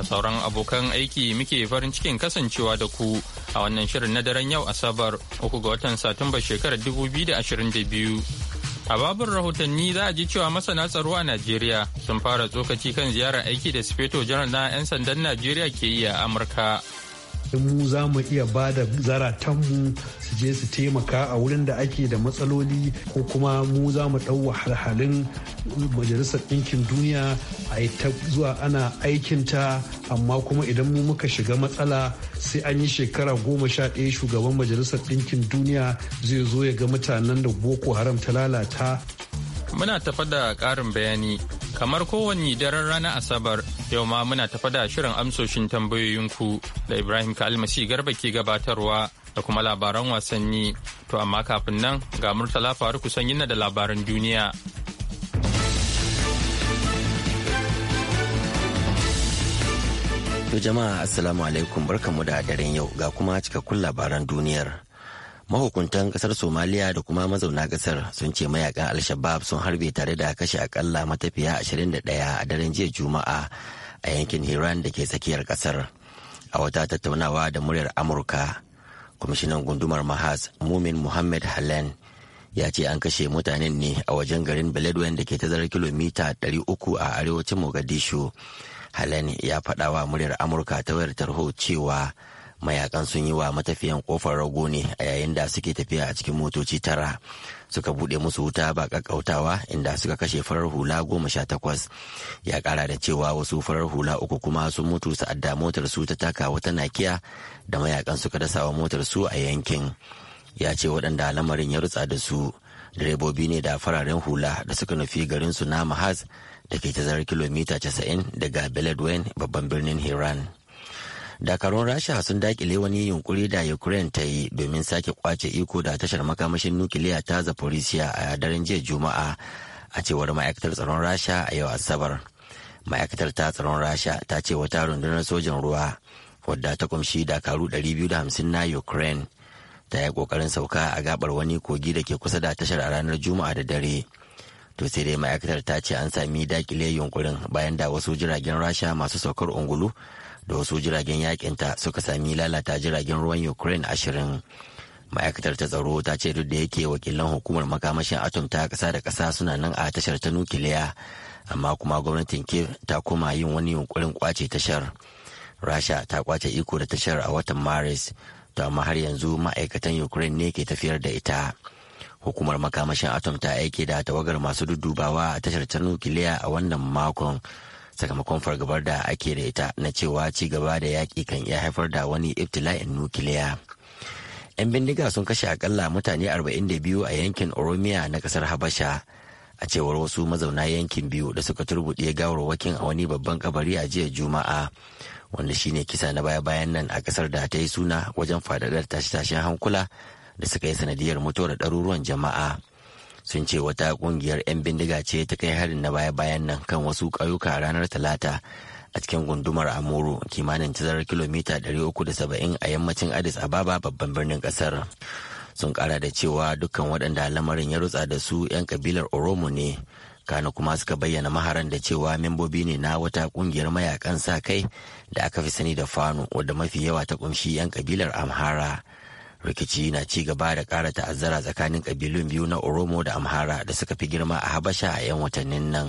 a sauran abokan aiki muke farin cikin kasancewa da ku a wannan shirin na daren yau asabar uku ga watan satumba shekarar 2022 a babin rahotanni za a ji cewa masana tsaro a najeriya sun fara tsokaci kan ziyarar aiki da sufeto janar na 'yan sandan najeriya ke yi a amurka in mu za mu iya ba da mu su je su taimaka a wurin da ake da matsaloli ko kuma mu za mu ɗau wahalhalun majalisar ɗinkin duniya a yi ta zuwa ana aikinta amma kuma idan mu muka shiga matsala sai an yi shekara goma sha ɗaya shugaban majalisar ɗinkin duniya zai zo ya ga mutanen da boko haram ta lalata muna tafa da ƙarin bayani kamar kowanne daren rana asabar Yau ma muna tafa da shirin amsoshin tambayoyinku da Ibrahim Kalmasi Garba ke gabatarwa da kuma labaran wasanni. To amma kafin nan ga Murtala Faruku sanyin da labaran duniya. To jama'a assalamu alaikum barkanmu da daren yau ga kuma cikakkun labaran duniyar. Mahukuntan kasar Somaliya da kuma mazauna kasar sun ce mayakan alshabab sun harbe tare da kashe akalla matafiya 21 a daren jiya Juma'a a yankin Hiran da ke tsakiyar kasar. A wata tattaunawa da muryar Amurka, kwamishinan gundumar Mahaz Mumin Muhammad Halen ya ce an kashe mutanen ne a wajen garin Beledwen da ke tazarar kilomita 300 a arewacin Mogadishu. Halen ya faɗa muryar Amurka ta wayar tarho cewa mayakan sun yi wa matafiyan kofar rago ne a yayin da suke tafiya a cikin motoci tara suka bude musu wuta ba ƙaƙƙautawa inda suka kashe farar hula goma sha takwas ya kara da cewa wasu farar hula uku kuma sun mutu sa'adda motar su ta taka wata nakiya da mayakan suka dasa wa motar su a yankin ya ce waɗanda lamarin ya rutsa da su direbobi ne da fararen hula da suka nufi garin su na mahaz da ke tazarar kilomita 90 daga beledwen babban birnin hiran dakarun rasha sun dakile wani yunkuri da ukraine ta yi domin sake kwace iko da tashar makamashin nukiliya ta zaporisiya a daren jiya juma'a a cewar ma'aikatar tsaron rasha a yau asabar ma'aikatar ta tsaron rasha ta ce wata rundunar sojan ruwa wadda ta kumshi dakaru 250 na ukraine ta yi kokarin sauka a gabar wani kogi da ke kusa da tashar a ranar juma'a da dare to sai dai ma'aikatar ta ce an sami dakile yunkurin bayan da wasu jiragen rasha masu saukar ungulu da wasu jiragen ta suka sami lalata jiragen ruwan ukraine ashirin ma'aikatar ta tsaro ta ce duk da yake wakilan hukumar makamashin atom ta kasa da kasa suna nan a tashar ta nukiliya amma kuma gwamnatin kiev ta koma yin wani yunkurin kwace tashar rasha ta kwace iko da tashar a watan maris to amma har yanzu ma'aikatan ukraine ne ke tafiyar da ita hukumar makamashin atom ta aike da tawagar masu dudubawa a tashar ta nukiliya a wannan makon sakamakon fargabar da ake da ita na cewa ci gaba da yaƙi kan iya haifar da wani ibtila'in nukiliya. 'Yan bindiga sun kashe akalla mutane 42 a yankin Oromiya na kasar Habasha a cewar wasu mazauna yankin biyu da suka turbuɗe gawarwakin a wani babban kabari a jiya Juma'a wanda shine kisa na baya-bayan nan a kasar da ta yi suna wajen faɗaɗar tashe-tashen hankula da suka yi sanadiyar mutuwar ɗaruruwan jama'a. sun ce wata kungiyar 'yan bindiga ce ta kai harin na baya-bayan nan kan wasu ƙauyuka ranar talata a cikin gundumar amuru kimanin tazarar kilomita 370 a yammacin addis ababa babban birnin kasar sun kara da cewa dukkan waɗanda lamarin ya rutsa da su 'yan kabilar oromo ne kana kuma suka bayyana maharan da cewa membobi ne na wata kungiyar mayakan sa kai da aka fi sani da fano wadda mafi yawa ta kumshi 'yan kabilar amhara rikici na ci gaba da kara ta'azzara tsakanin kabilun biyu na oromo da amhara da suka fi girma a habasha a 'yan watannin nan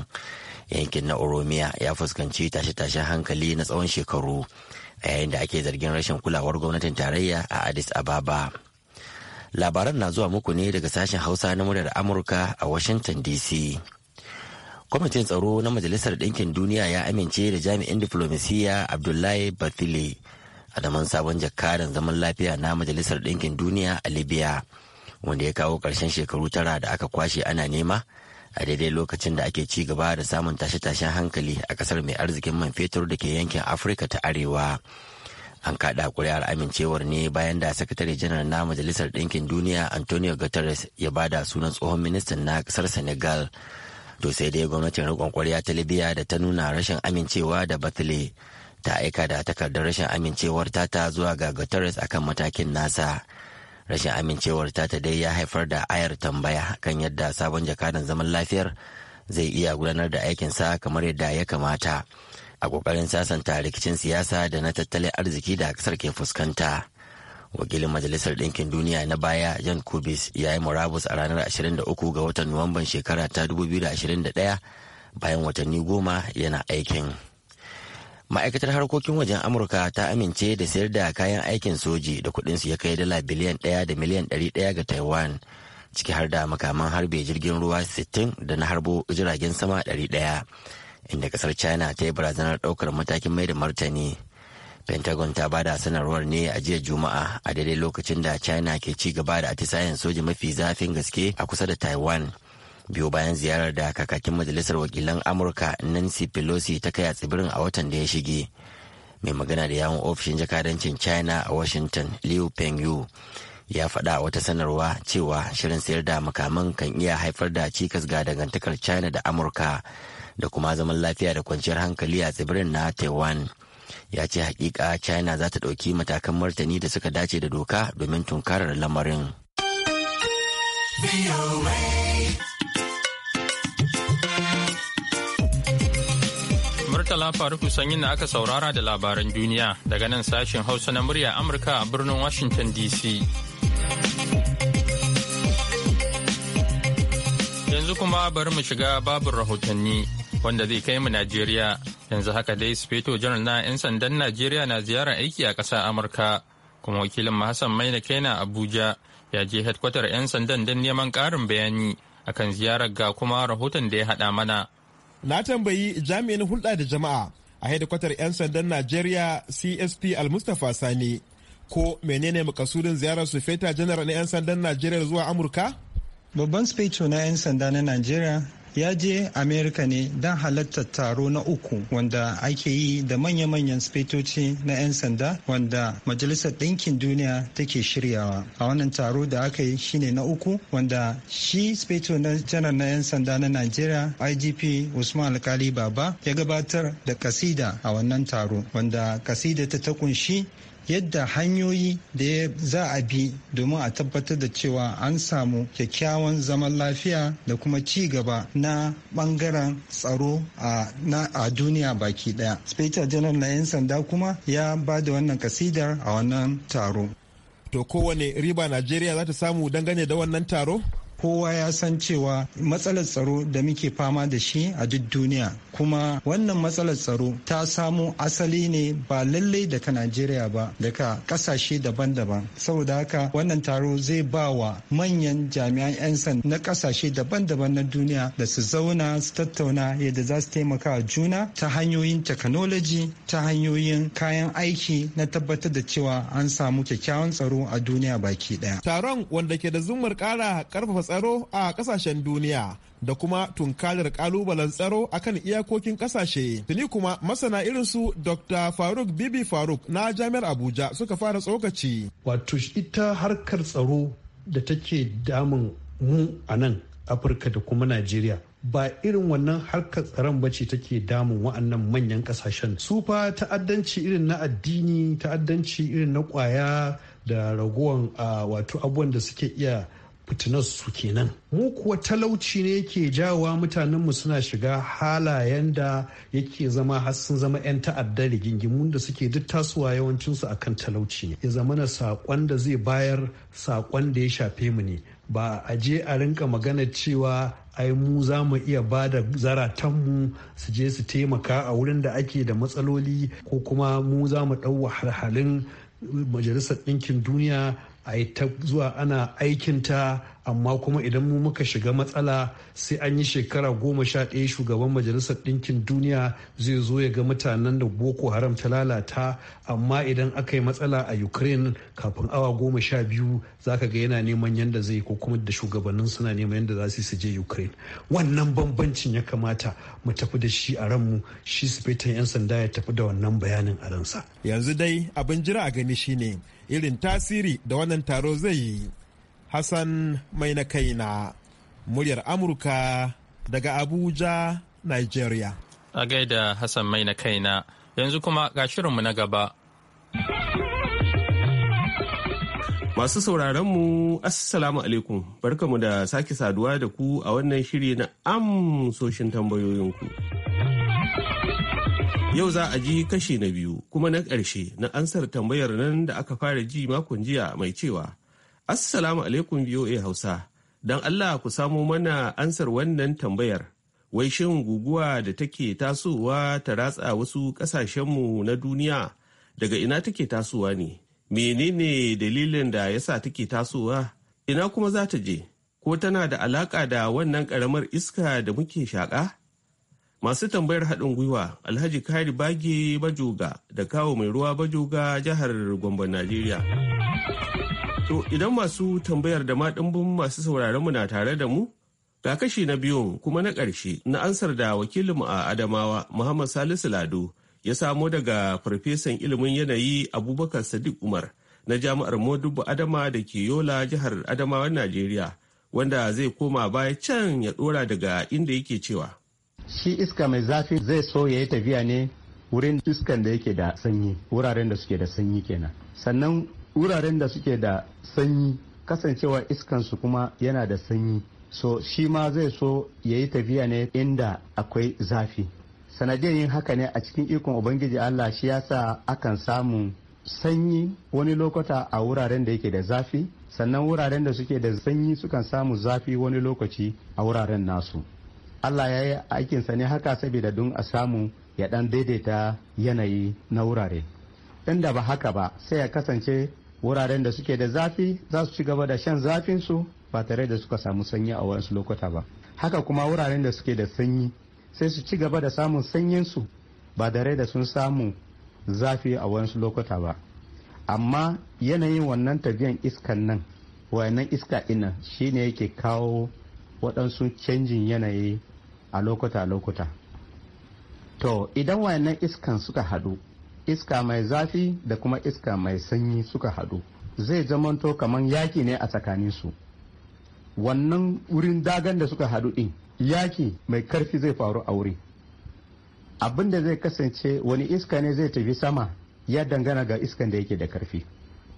yankin na oromiya ya fuskanci tashe-tashen hankali na tsawon shekaru a yayin da ake zargin rashin kulawar gwamnatin tarayya a addis ababa labaran na zuwa muku ne daga sashen hausa na muryar amurka a washington dc kwamitin tsaro na majalisar ɗinkin duniya ya amince da jami'in diflomasiyya abdullahi bathily adaman sabon jakadan zaman lafiya na majalisar ɗinkin duniya a libya wanda ya kawo ƙarshen shekaru tara da aka kwashe ana nema a daidai lokacin da ake ci gaba da samun tashe-tashen hankali a ƙasar mai arzikin man fetur da ke yankin afirka ta arewa an kaɗa ƙuri'ar amincewar ne bayan da sakatare janar na majalisar ɗinkin duniya antonio guterres ya ba da sunan tsohon ministan na ƙasar senegal to sai dai gwamnatin riƙon ƙwarya ta libya da ta nuna rashin amincewa da batle ta aika da takardar rashin amincewar tata zuwa ga Guterres akan matakin nasa. Rashin amincewar tata dai ya haifar da ayar tambaya kan yadda sabon jakadan zaman lafiyar zai iya gudanar da aikinsa kamar yadda ya kamata a kokarin sasanta rikicin siyasa da na tattalin arziki da kasar ke fuskanta. Wakilin Majalisar Ɗinkin Duniya na baya John Kubis ya yi murabus a ranar 23 ga watan Nuwamban shekara ta 2021 bayan watanni goma yana aikin. ma'aikatar harkokin wajen amurka ta amince da sayar da kayan aikin soji da kudinsu ya kai dala biliyan ɗaya da miliyan ɗari ɗaya ga taiwan ciki har da makaman harbe jirgin ruwa 60 da na harbo jiragen sama ɗari ɗaya, inda ƙasar china ta yi barazanar ɗaukar matakin mai da martani pentagon ta ba da sanarwar ne a jiya juma'a a daidai lokacin da china ke ci gaba da atisayen soji mafi zafin gaske a kusa da taiwan biyu bayan ziyarar da kakakin majalisar wakilan amurka nancy pelosi ta kai a tsibirin a watan da ya shige mai magana da yawon ofishin jakadancin china a washington liu pengyu ya faɗa wata sanarwa cewa shirin sayar da makaman kan iya haifar da cikas ga dangantakar china da amurka da kuma zaman lafiya da kwanciyar hankali a tsibirin na taiwan ya ce hakika china za ta ɗauki matakan martani da suka dace da doka domin tunkarar lamarin. Murtala Faruku sanyi na aka saurara da labaran duniya daga nan sashen Hausa na murya Amurka a birnin Washington DC. Yanzu kuma bari mu shiga babin rahotanni wanda zai kai mu Najeriya. Yanzu haka dai Sufeto Janar na 'yan sandan Najeriya na ziyarar aiki a ƙasar Amurka. Kuma wakilin na Maina Kaina Abuja ya je hedkwatar 'yan sandan don neman ƙarin bayani akan ziyarar ga kuma rahoton da ya haɗa mana. na tambayi jami'in hulɗa da jama'a a hedikwatar 'yan sandan najeriya csp almustapha sani ko menene makasudin ziyarar su feta janar na 'yan sandan najeriya zuwa amurka babban speco na 'yan sanda na najeriya ya je amerika ne don halartar taro na uku wanda ake yi da manya-manyan spetoci na 'yan sanda wanda majalisar ɗinkin duniya take shiryawa a wannan taro da aka yi shine na uku wanda shi speto na janar na 'yan sanda na najeriya igp usman alkali baba ya gabatar da kasida a wannan taro wanda kasida ta ta kunshi yadda hanyoyi da za a bi domin a tabbatar da cewa an samu kyakkyawan zaman lafiya da kuma ci gaba na bangaren tsaro a duniya baki daya. Speta janar na 'yan sanda kuma ya ba da wannan kasidar a wannan taro. To kowane riba Najeriya za ta samu dangane da wannan taro? kowa ya san cewa matsalar tsaro da muke fama da shi a duk duniya kuma wannan matsalar tsaro ta samu asali ne ba lallai daga najeriya ba daga kasashe daban-daban saboda haka wannan taro zai ba wa manyan jami'an 'yan sanda na kasashe daban-daban na duniya da su zauna su tattauna yadda za su taimaka juna ta hanyoyin technology ta hanyoyin kayan aiki na tabbatar da cewa an samu kyakkyawan tsaro a duniya baki ɗaya. taron wanda ke da zumar kara karfafa tsaro a kasashen duniya da kuma tunkarar kalubalen tsaro akan iyakokin kasashe. Tuni kuma masana irin su Dr. Faruk Bibi Faruk na Jami'ar Abuja suka fara tsokaci. Wato ita harkar tsaro da take damun mu a nan Afirka da kuma Najeriya. ba irin wannan harkar tsaron ba ce take damun wa'annan manyan kasashen su fa ta'addanci irin na addini ta'addanci irin na kwaya da ragowan wato abubuwan da suke iya fitinar su kenan mu kuwa talauci ne yake jawa mutanenmu suna shiga halayen da yake zama har sun zama 'yan ta'adda rigingimu da suke duk tasowa yawancinsu a kan talauci ne ya zama na saƙon da zai bayar saƙon da ya shafe mu ne ba a je a rinka magana cewa ai mu za mu iya ba da zaratanmu su je su taimaka a wurin da ake da matsaloli ko kuma mu za mu ɗau wahalhalin majalisar ɗinkin duniya a yi ta zuwa ana aikin ta amma kuma idan mu muka shiga matsala sai an yi shekara goma sha ɗaya shugaban majalisar ɗinkin duniya zai zo ya ga mutanen da boko haram ta lalata amma idan aka yi matsala a ukraine kafin awa goma sha biyu za ka ga yana neman yadda zai ko kuma da shugabannin suna neman yadda za su je ukraine wannan bambancin ya kamata mu tafi da shi a ranmu shi sufetan 'yan sanda ya tafi da wannan bayanin a ransa yanzu dai abin jira a gani shine irin tasiri da wannan taro zai yi hassan mai na kaina muryar amurka daga abuja nigeria a gaida hassan mai na kaina yanzu kuma ga shirinmu na gaba Masu sauraronmu, Assalamu alaikum, barkamu da sake saduwa da ku a wannan shiri na amsoshin tambayoyinku. Yau za a ji kashi na biyu kuma na ƙarshe na ansar tambayar nan da aka fara ji makon jiya mai cewa Assalamu alaikum VOA Hausa, don Allah ku samo mana ansar wannan tambayar. Wai shin guguwa da take tasowa ta ratsa wasu ƙasashenmu na duniya daga ina take tasowa ne? Menene dalilin da yasa take tasowa? Ina kuma za ta je? Ko tana da alaƙa da wannan ƙaramar iska da muke shaƙa? Masu tambayar haɗin gwiwa Alhaji Kari Bage Bajoga da kawo mai ruwa Bajoga jihar Gombe Najeriya. To idan masu tambayar da ma masu sauraronmu na tare da mu ga kashi na biyu, kuma na ƙarshe na ansar da wakilinmu a Adamawa Muhammad Salisu Lado ya samo daga farfesan ilimin yanayi Abubakar Sadiq Umar na jami'ar Modubu Adama da ke Yola jihar Adamawa Najeriya wanda zai koma baya can ya ɗora daga inda yake cewa. shi iska mai zafi zai so ya yi tafiya ne wurin iskan da yake da sanyi wuraren da suke da sanyi kenan sannan wuraren da suke da sanyi kasancewa iskan su kuma yana da sanyi so shi ma zai so ya yi tafiya ne inda akwai zafi sanadiyar yin haka ne a cikin ikon ubangiji allah shi ya sa akan samu sanyi wani lokata a wuraren da yake da zafi sannan wuraren da suke da sanyi sukan samu zafi wani lokaci a wuraren nasu allah ya yi aikinsa ne haka saboda don a samu ya dan daidaita yanayi na wurare inda ba haka ba sai ya kasance wuraren da suke da zafi za su ci gaba da shan zafinsu ba tare da suka samu sanyi a wasu lokuta ba haka kuma wuraren da suke da sanyi sai su ci gaba da samun sanyinsu ba tare da sun samu zafi a wasu lokuta ba amma yanayin wannan tafiyan iskan nan wannan iska ina shine yake kawo waɗansu canjin yanayi a lokuta-lokuta to idan wayannan iskan suka haɗu iska mai zafi da kuma iska mai sanyi suka haɗu zai zamanto kamar yaki ne a tsakaninsu wannan wurin dagan da suka haɗu ɗin yaki mai karfi zai faru a wuri abin da zai kasance wani iska ne zai tafi sama ya dangana ga iskan da yake da karfi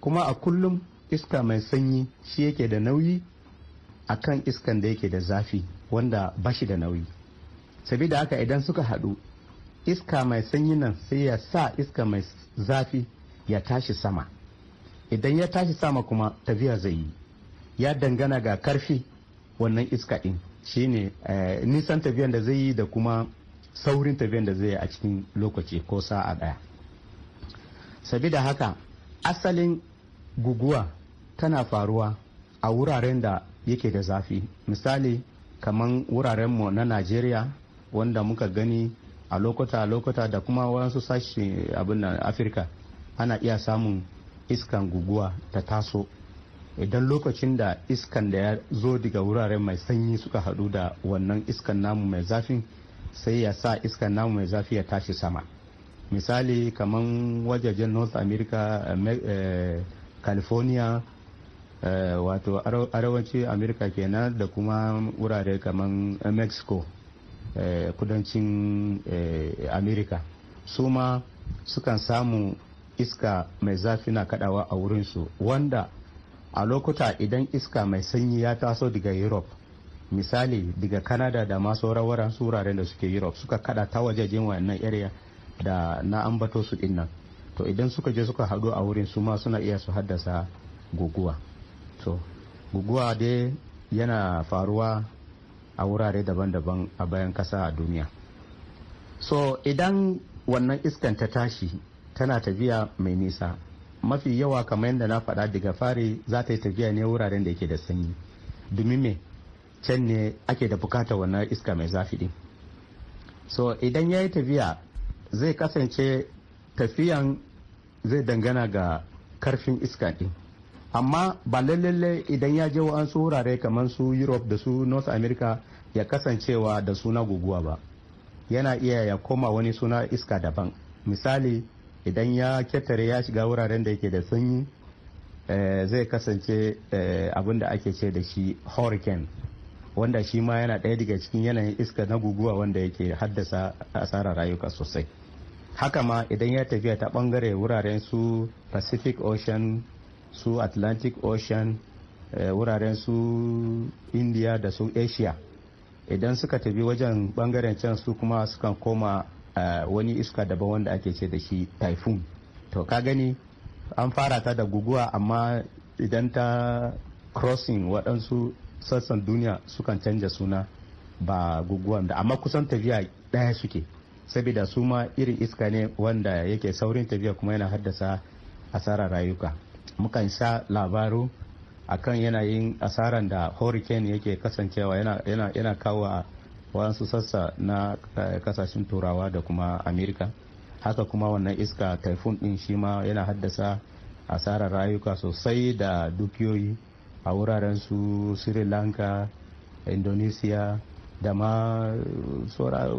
kuma a kullum iska mai sanyi shi yake da nauyi a kan iskan da yake da zafi wanda ba shi da nauyi sabida haka idan suka haɗu iska mai sanyi nan sai ya sa iska mai zafi ya tashi sama idan ya tashi sama kuma tafiya zai yi ya dangana ga karfi wannan iska ɗin shi ne eh, nisan tafiyan da zai yi da kuma saurin tafiyan da zai yi a cikin lokaci ko sa'a ɗaya sabida haka asalin guguwa tana faruwa a wuraren da yake da zafi misali kamar wuraren mu na najeriya wanda muka gani a a lokuta da kuma wasu sashi abin nan afirka ana iya samun iskan guguwa ta taso idan lokacin da iskan da ya zo daga wuraren mai sanyi suka hadu da wannan iskan namu mai zafi sai ya sa iskan namu mai zafi ya tashi sama misali kamar wajajen north america eh, california eh, wato arewacin america kenan da kuma wurare kamar mexico Eh, kudancin eh, america su ma sukan samu iska mai zafi na kadawa a wurinsu wanda a lokuta idan iska mai sanyi ya taso daga europe misali daga canada da masu rawaran suraren da suke europe suka kada ta wajejen wannan area da na ambato su dinnan to idan suka je suka haɗu a wurin su ma suna iya su haddasa guguwa to guguwa dai yana faruwa a wurare daban-daban a bayan kasa a duniya so idan wannan iskan ta tashi tana tafiya mai nisa mafi yawa kamar yadda na faɗa daga fari za ta yi tafiya ne wuraren da ke da sanyi domin me can ne ake da bukatar wannan iska mai zafi din so idan ya yi tafiya zai kasance tafiyan zai dangana ga karfin iska din amma ba lalle idan ya je wa'ansu wurare kamar su europe da su north america ya kasancewa da suna guguwa ba yana iya ya koma wani suna iska daban misali idan ya ketare ya shiga wuraren da yake da sanyi eh, zai kasance eh, abin da ake ce da shi hurricane wanda shi ma yana ɗaya daga cikin yanayin iska na guguwa wanda yake haddasa asarar rayuka sosai haka ma idan ya tafiya ta bangare wuraren su pacific ocean su atlantic ocean eh, wuraren su india da su asia idan suka tafi wajen bangaren can su kuma sukan koma eh, wani iska daban wanda ake ce da shi typhoon to ka gani an fara ta da guguwa amma idan ta crossing waɗansu sassan duniya sukan canja suna ba guguwan da amma kusan tafiya ɗaya suke saboda su ma irin iska ne wanda yake saurin tafiya kuma yana haddasa asarar rayuka mukan sha labaru a kan yanayin asaran da hurricane yake kasancewa yana, kawo a wasu sassa na eh, kasashen turawa da kuma amerika haka kuma wannan iska typhoon din shi ma yana haddasa asarar rayuka sosai da dukiyoyi a wuraren su sri lanka indonesia da ma eh,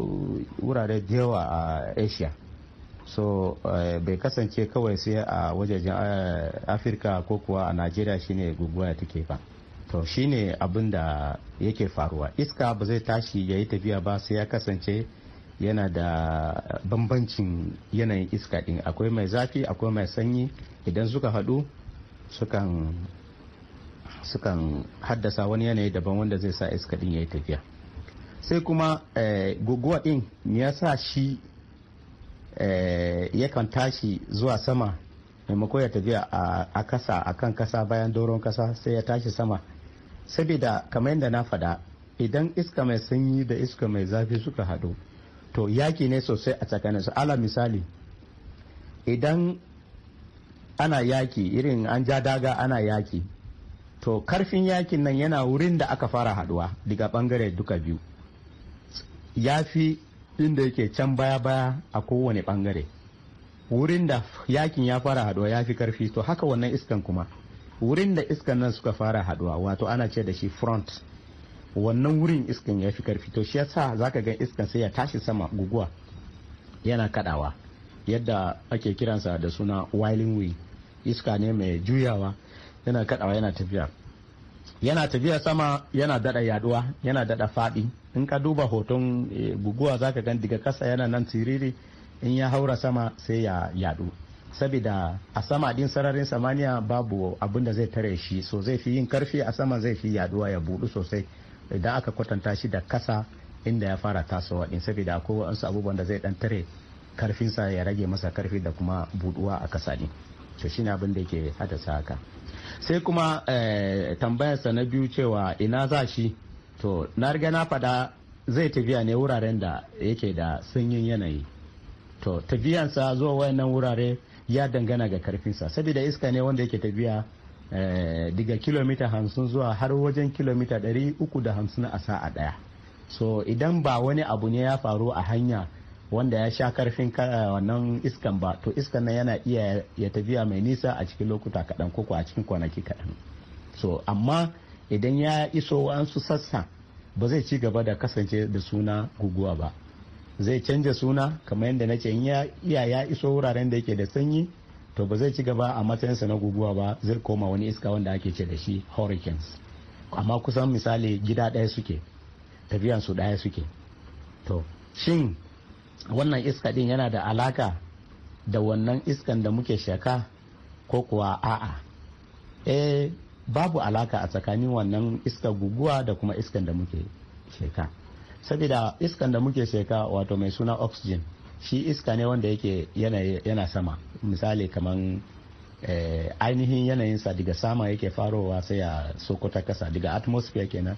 wurare jewa a asia so eh, bai kasance kawai sai a wajajen eh, afirka ko kuwa a najeriya shine guguwa take ba to shine abin da yake faruwa iska ba zai tashi ya yi tafiya ba sai ya kasance yana da bambancin yanayin iska din akwai mai zafi akwai mai sanyi idan suka hadu sukan sukan haddasa wani yanayi daban wanda zai sa iska din ya yi tafiya sai kuma eh, guguwa din ya sa shi Eh, yakan tashi zuwa sama maimako ya tafiya a kasa a kan kasa bayan doron kasa sai ya tashi sama saboda kamar yadda na faɗa idan iska mai sanyi da iska mai zafi suka haɗu to yaki ne sosai a tsakanin su ala misali idan ana yaki irin an ja daga ana yaki to karfin yakin nan yana wurin da aka fara haɗuwa daga bangare duka biyu ya fi inda yake can baya-baya a kowane bangare wurin da yakin ya fara haduwa ya fi karfi to haka wannan iskan kuma wurin da iskan nan suka fara haduwa wato ana ce da shi front wannan wurin iskan ya fi karfi to shi yasa zaka ga iskan sai ya tashi sama guguwa yana kadawa yadda ake kiransa da suna wiling wing iska ne mai juyawa yana kadawa yana tafiya yana tafiya sama yana dada yaduwa yana dada faɗi in ka duba hoton eh, guguwa zaka gan daga kasa yana nan tiriri in ya haura sama sai ya yadu saboda a sama din sararin samaniya babu abin da zai tare shi so zai fi yin karfi a sama zai fi yaduwa ya budu sosai idan aka kwatanta shi da kasa inda ya fara tasowa din saboda akwai wasu abubuwan da zai dan tare karfinsa ya rage masa karfi da kuma buduwa a kasa din. to shine abin da ke haddasa haka sai kuma eh, tambayarsa na biyu cewa ina za shi to na riga na faɗa zai tafiya ne wuraren da yake da sanyin yanayi to tafiyansa zuwa wayannan wurare ya dangana ga karfinsa saboda iska ne wanda yake tafiya eh, diga kilomita hamsin zuwa har wajen kilomita ɗari uku da hamsin a sa'a ɗaya so idan ba wani abu ne ya faru a hanya wanda ya sha karfin eh, wannan iskan ba to iskan nan yana iya ya tafiya mai nisa a cikin lokuta kaɗan ko a cikin kwanaki kaɗan so amma idan ya iso wa'ansu sassa ba zai ci gaba da kasance da suna guguwa ba zai canja suna kamar yadda na ce iya ya iso wuraren da yake da sanyi to ba zai ci gaba a matsayinsa na guguwa ba zai koma wani iska wanda ake ce da shi hurricanes amma kusan misali gida ɗaya suke tafiyansu ɗaya suke to shin wannan iska din yana da alaka da wannan iskan da muke shaka ko kuwa a'a e babu alaka a tsakanin wannan iska guguwa da kuma iskan da muke sheka saboda iskan da muke sheka wato mai suna oxygen shi iska ne wanda yake yana, sama misali kamar eh, ainihin yanayinsa daga sama yake farowa sai a sokota kasa daga atmosphere kenan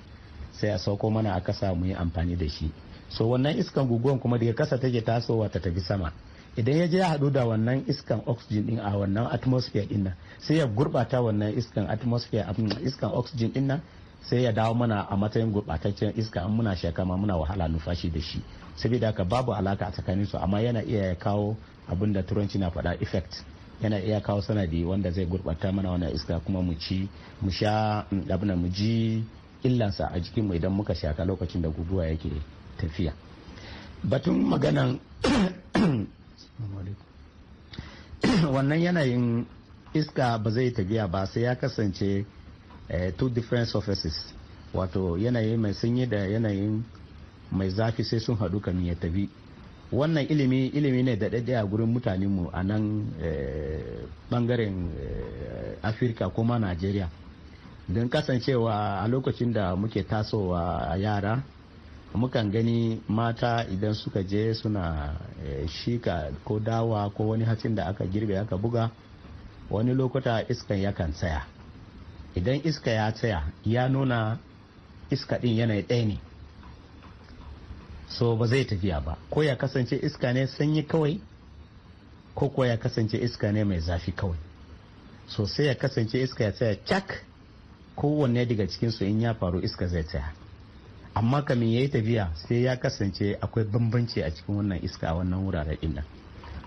sai a sauko mana a kasa mu yi amfani da shi so wannan iskan guguwan kuma daga kasa take tasowa ta tafi sama idan ya je ya haɗu da wannan iskan oxygen din a wannan atmosphere din nan sai ya gurbata wannan iskan atmosphere iskan oxygen din nan sai ya dawo mana a matsayin gurbataccen iska an muna shaka ma muna wahala numfashi da shi saboda haka babu alaka a tsakanin su amma yana iya kawo abin da turanci na faɗa effect yana iya kawo sanadi wanda zai gurbata mana wannan iska kuma mu ci mu sha abin mu ji illansa a jikinmu idan muka shaka lokacin da guguwa yake tafiya batun maganan wannan yanayin iska ba zai tafiya ba sai ya kasance eh, two different surfaces wato yanayi mai sanyi da yanayin mai zafi sai sun haɗu kan ya tafi wannan ilimi ilimi ne daɗaɗɗe a gurin mutanenmu a nan eh, ɓangaren eh, afirka kuma najeriya don kasancewa a lokacin da muke tasowa yara mukan gani mata idan suka je suna eh, shika ko dawa ko wani hatsin da aka girbe aka buga wani lokuta iskan yakan tsaya idan iska ya tsaya ya nuna iska din yanayi ɗaya ne so ba zai tafiya ba ko ya kasance iska ne sanyi kawai ko kuwa ya kasance iska ne mai zafi kawai so sai ya kasance iska ya tsaya cak kowanne daga cikinsu in ya faru iska zai tsaya amma kamin ya yi tafiya sai ya kasance akwai bambanci a cikin wannan iska a wannan wurare din nan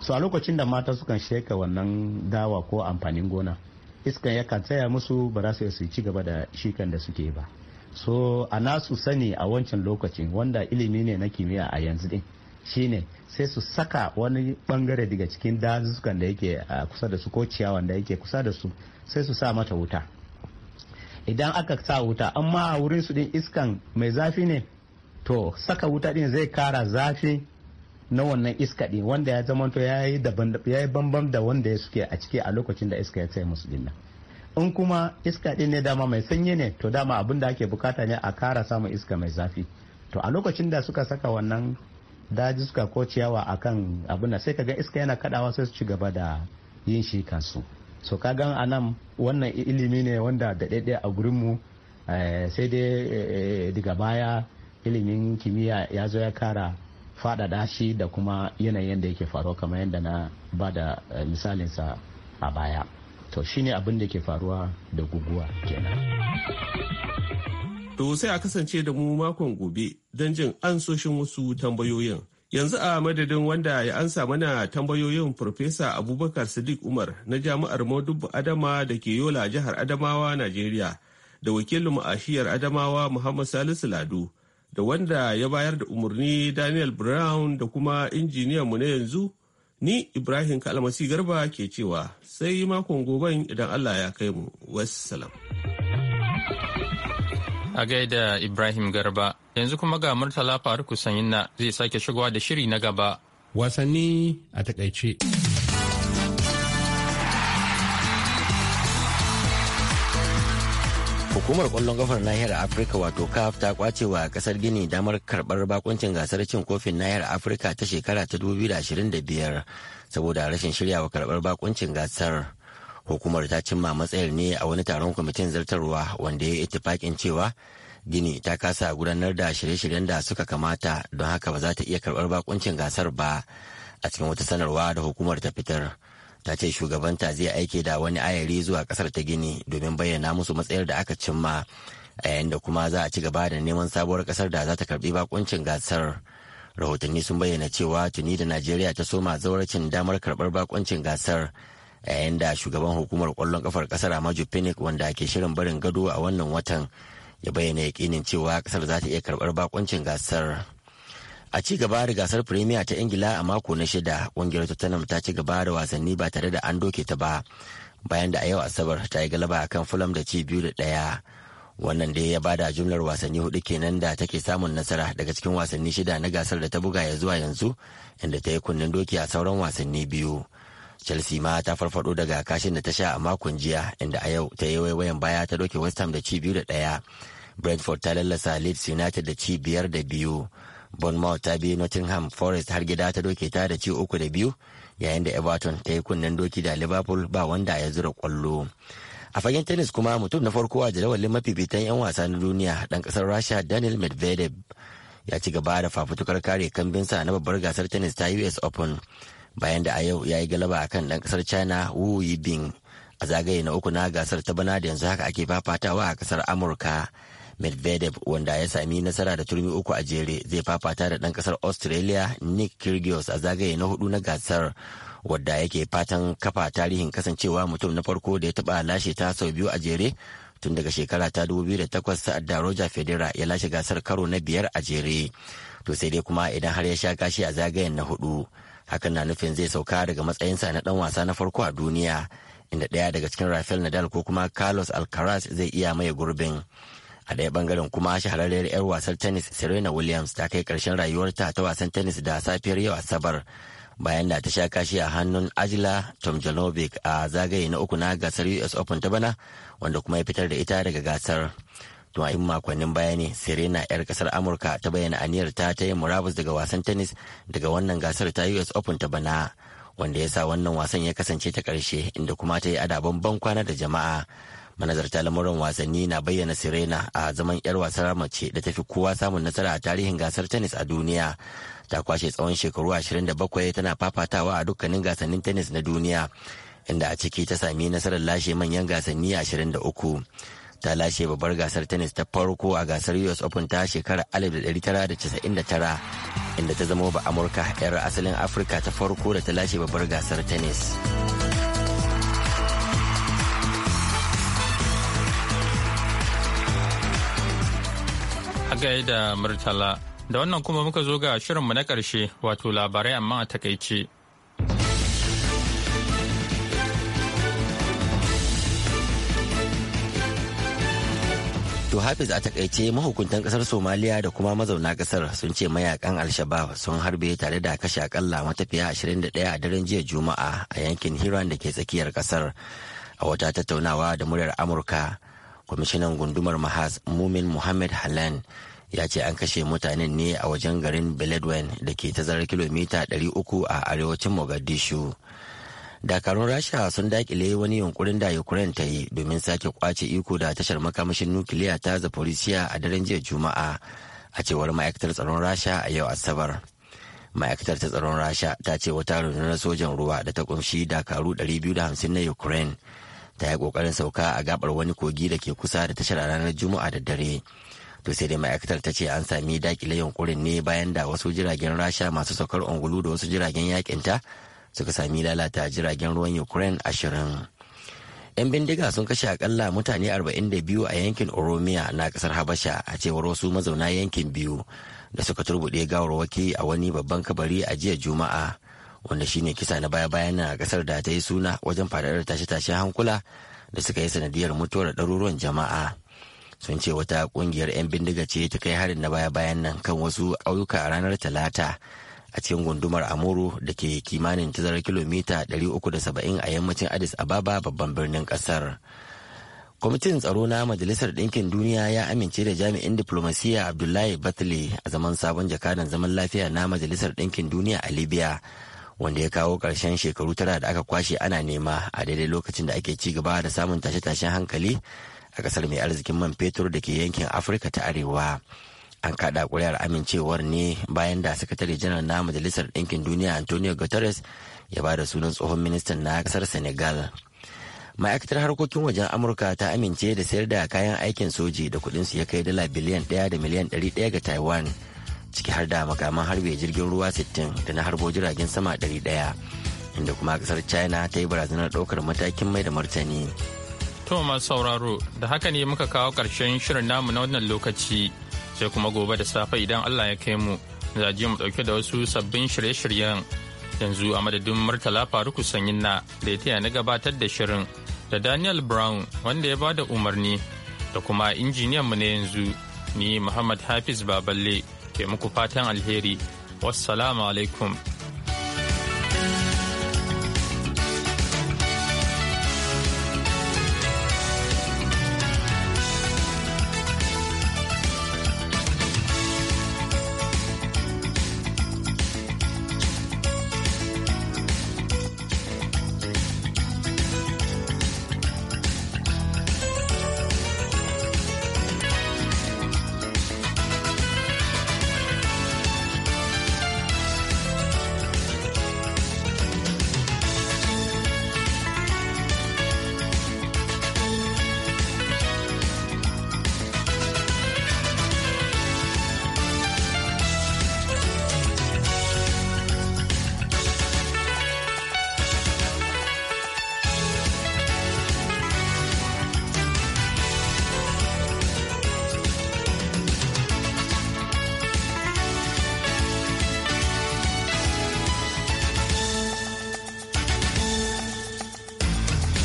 so a lokacin da mata sukan sheka wannan dawa ko amfanin gona iskan yakan tsaya musu ba za su su ci gaba da shikan da suke ba so a nasu sani a wancan lokacin wanda ilimi ne na kimiyya a yanzu din shine sai su saka wani bangare daga cikin dazukan da yake kusa da su ko ciyawan da yake kusa da su sai su sa mata wuta idan aka sa wuta amma a wurin su din iskan mai zafi ne to saka wuta din zai kara zafi na wannan iska din wanda ya zamanto ya yi bambam da wanda ya suke a ciki a lokacin da iska ya tsaye musu din in kuma iska din ne dama mai sanyi ne to dama abin da ake bukata ne a kara samun iska mai zafi to a lokacin da suka saka wannan daji suka ko ciyawa akan abin da sai kaga iska yana kadawa sai su ci gaba da yin shi kansu so gan a nan wannan ilimi ne wanda daɗaɗɗe a gurinmu eh, sai dai eh, eh, daga baya ilimin kimiyya ya zo ya kara faɗaɗa shi da kuma yanayin da yake faruwa kamar yadda na ba da misalinsa a baya to shine abin da ke faruwa da guguwa kenan to sai a kasance da mu makon gobe don jin ansoshin wasu tambayoyin Yanzu a madadin wanda ya ansa mana tambayoyin Farfesa Abubakar Sadiq Umar na Jami'ar Modubu Adama da ke Yola jihar Adamawa, Najeriya, da wakilin Ma'ashiyar Adamawa Muhammad Salisu Lado, da wanda ya bayar da umarni Daniel Brown da kuma injiniyanmu na yanzu, ni Ibrahim Kalmasi Garba ke cewa sai makon goben idan Allah ya kai mu. Wassalam. A gaida Ibrahim Garba, yanzu kuma ga Murtala Faruku Sanyinna zai sake shigowa da shiri na gaba. Wasanni a takaice. Hukumar kwallon kafar nahiyar Afirka wato CAF ta kwace wa kasar Gini damar karbar bakuncin gasar cin kofin nahiyar Afirka ta shekara ta 2025 saboda rashin shiryawa karbar bakuncin gasar. hukumar ta cimma matsayar ne a wani taron kwamitin zartarwa wanda ya yi itifakin cewa gini ta kasa gudanar da shirye-shiryen da suka kamata don haka ba za ta iya karɓar bakuncin gasar ba a cikin wata sanarwa da hukumar ta fitar ta ce shugabanta zai aike da wani ayari zuwa kasar ta gini domin bayyana musu matsayar da aka cimma a yayin da kuma za a ci gaba da neman sabuwar kasar da za ta karɓi bakuncin gasar rahotanni sun bayyana cewa tuni da najeriya ta soma zauracin damar karɓar bakuncin gasar yayin da shugaban hukumar kwallon kafar kasar amaju phoenix wanda ke shirin barin gado a wannan watan ya bayyana yakinin cewa kasar za ta iya karbar bakoncin gasar a ci gaba da gasar premier ta ingila a mako na shida kungiyar tottenham ta ci gaba da wasanni ba tare da an doke ta ba bayan da a yau asabar ta yi galaba a kan fulham da ci biyu da ɗaya wannan dai ya bada jumlar wasanni hudu kenan da take samun nasara daga cikin wasanni shida na gasar da ta buga ya zuwa yanzu inda ta yi kunnen doki a sauran wasanni biyu chelsea ma ta farfado daga kashin da ta sha a makon jiya inda a yau ta yi waiwayen baya ta doke west ham da ci biyu da ɗaya brentford ta lallasa leeds united da ci biyar da biyu bournemouth ta bi nottingham forest har gida ta doke ta da ci uku da biyu yayin da everton ta yi kunnen doki da liverpool ba wanda ya zura kwallo a fagen tennis kuma mutum na farko a jadawalin mafifitan 'yan wasa na duniya dan ƙasar rasha daniel medvedev ya ci gaba da fafutukar kare kambinsa na babbar gasar tennis ta us open bayan da a yau ya yi galaba a kan ɗan ƙasar china wu bin” a zagaye na uku na gasar ta bana da yanzu haka ake fafatawa a kasar amurka medvedev wanda ya sami nasara da turmi uku a jere zai fafata da ɗan ƙasar australia nick kirgios a zagaye na hudu na gasar wadda yake fatan kafa tarihin kasancewa mutum na farko da ya taba lashe ta sau biyu a jere tun daga shekara ta 2008 sa'ad da roger federer ya lashe gasar karo na biyar a jere to sai dai kuma idan har ya sha gashi a zagayen na hudu hakan na nufin zai sauka daga matsayinsa na dan wasa na farko a duniya inda ɗaya daga cikin rafael nadal ko kuma carlos alcaraz zai iya maye gurbin a ɗaya bangaren kuma shahararriyar 'yar wasan tennis serena williams ta kai ƙarshen rayuwarta ta wasan tennis da safiyar yau asabar bayan da ta sha kashi a hannun ajila janovic a zagaye na uku na gasar us open ta bana wanda kuma ya fitar da ita daga gasar to a makonnin baya ne serena yar kasar amurka ta bayyana aniyar ta ta yin murabus daga wasan tennis daga wannan gasar ta us open ta bana wanda ya sa wannan wasan ya kasance ta karshe inda kuma ta yi adaban ban kwana da jama'a manazarta lamuran wasanni na bayyana sirena a zaman yar wasan mace da ta fi kowa samun nasara a tarihin gasar tennis a duniya ta kwashe tsawon shekaru 27 tana fafatawa a dukkanin gasannin tennis na duniya inda a ciki ta sami nasarar lashe manyan gasanni 23 ta lashe babbar gasar tennis ta farko a gasar us open ta shekarar 1999 inda ta zama ba amurka 'yar asalin afirka ta farko da ta lashe babbar gasar tennis a da murtala da wannan kuma muka zo ga shirinmu na ƙarshe wato labarai amma a takaice To Hafiz a takaice mahukuntan kasar Somaliya da kuma mazauna kasar sun ce mayakan Al-Shabaab sun harbe tare da kashe akalla matafiya 21 a daren jiya Juma'a a yankin Hiran da ke tsakiyar kasar. A wata tattaunawa da muryar Amurka, kwamishinan gundumar Mahaz Mumin Muhammad Halan ya ce an kashe mutanen ne a wajen garin Beledwen da ke tazarar kilomita 300 a arewacin Mogadishu. dakarun rasha sun dakile wani yunkurin da ukraine ta yi domin sake kwace iko da tashar makamashin nukiliya ta zaporisiya a daren jiya juma'a a cewar ma'aikatar tsaron rasha a yau asabar ma'aikatar ta tsaron rasha ta ce wata rundunar sojan ruwa da ta kunshi dakaru 250 na ukraine ta yi kokarin sauka a gabar wani kogi da ke kusa da tashar a ranar juma'a da dare to sai dai ma'aikatar ta ce an sami dakile yunkurin ne bayan da wasu jiragen rasha masu saukar ungulu da wasu jiragen yakinta suka sami lalata jiragen ruwan ukraine ashirin yan bindiga sun kashe akalla mutane 42 a yankin oromiya na kasar habasha a cewar wasu mazauna yankin biyu da suka turbuɗe gawarwaki a wani babban kabari a jiya juma'a wanda shine kisa na baya-bayan na kasar da ta yi suna wajen faɗaɗar tashe-tashen hankula da suka yi sanadiyar mutuwar ɗaruruwan jama'a sun ce wata ƙungiyar 'yan bindiga ce ta kai harin na baya-bayan nan kan wasu ƙauyuka a ranar talata a cikin gundumar amuru da ke kimanin tazarar kilomita 370 a yammacin addis ababa babban birnin kasar kwamitin tsaro na majalisar ɗinkin duniya ya amince da jami'in diplomasiya abdullahi batle a zaman sabon jakadan zaman lafiya na majalisar ɗinkin duniya a libya wanda ya kawo ƙarshen shekaru tara da aka kwashe ana nema a daidai lokacin da ake ci gaba da samun tashe-tashen hankali a ƙasar mai arzikin man fetur da ke yankin afirka ta arewa an kaɗa kuri'ar amincewar ne bayan da sakatare janar na majalisar ɗinkin duniya antonio guterres ya ba da sunan tsohon ministan na ƙasar senegal ma'aikatar harkokin wajen amurka ta amince da sayar da kayan aikin soji da kuɗin su ya kai dala biliyan ɗaya da miliyan ɗari ɗaya ga taiwan ciki har da makaman harbe jirgin ruwa 60 da na harbo jiragen sama ɗari ɗaya inda kuma ƙasar china ta yi barazanar ɗaukar matakin mai da martani to masu sauraro da haka ne muka kawo ƙarshen shirin namu na wannan lokaci sai kuma gobe da safe idan Allah ya kai mu za je mu dauke da wasu sabbin shirye-shiryen yanzu a madadin Murtala Faruku Sanyin na da ya taya na gabatar da shirin da Daniel Brown wanda ya ba da umarni da kuma injiniyan mu na yanzu ni Muhammad Hafiz Baballe ke muku fatan alheri wassalamu alaikum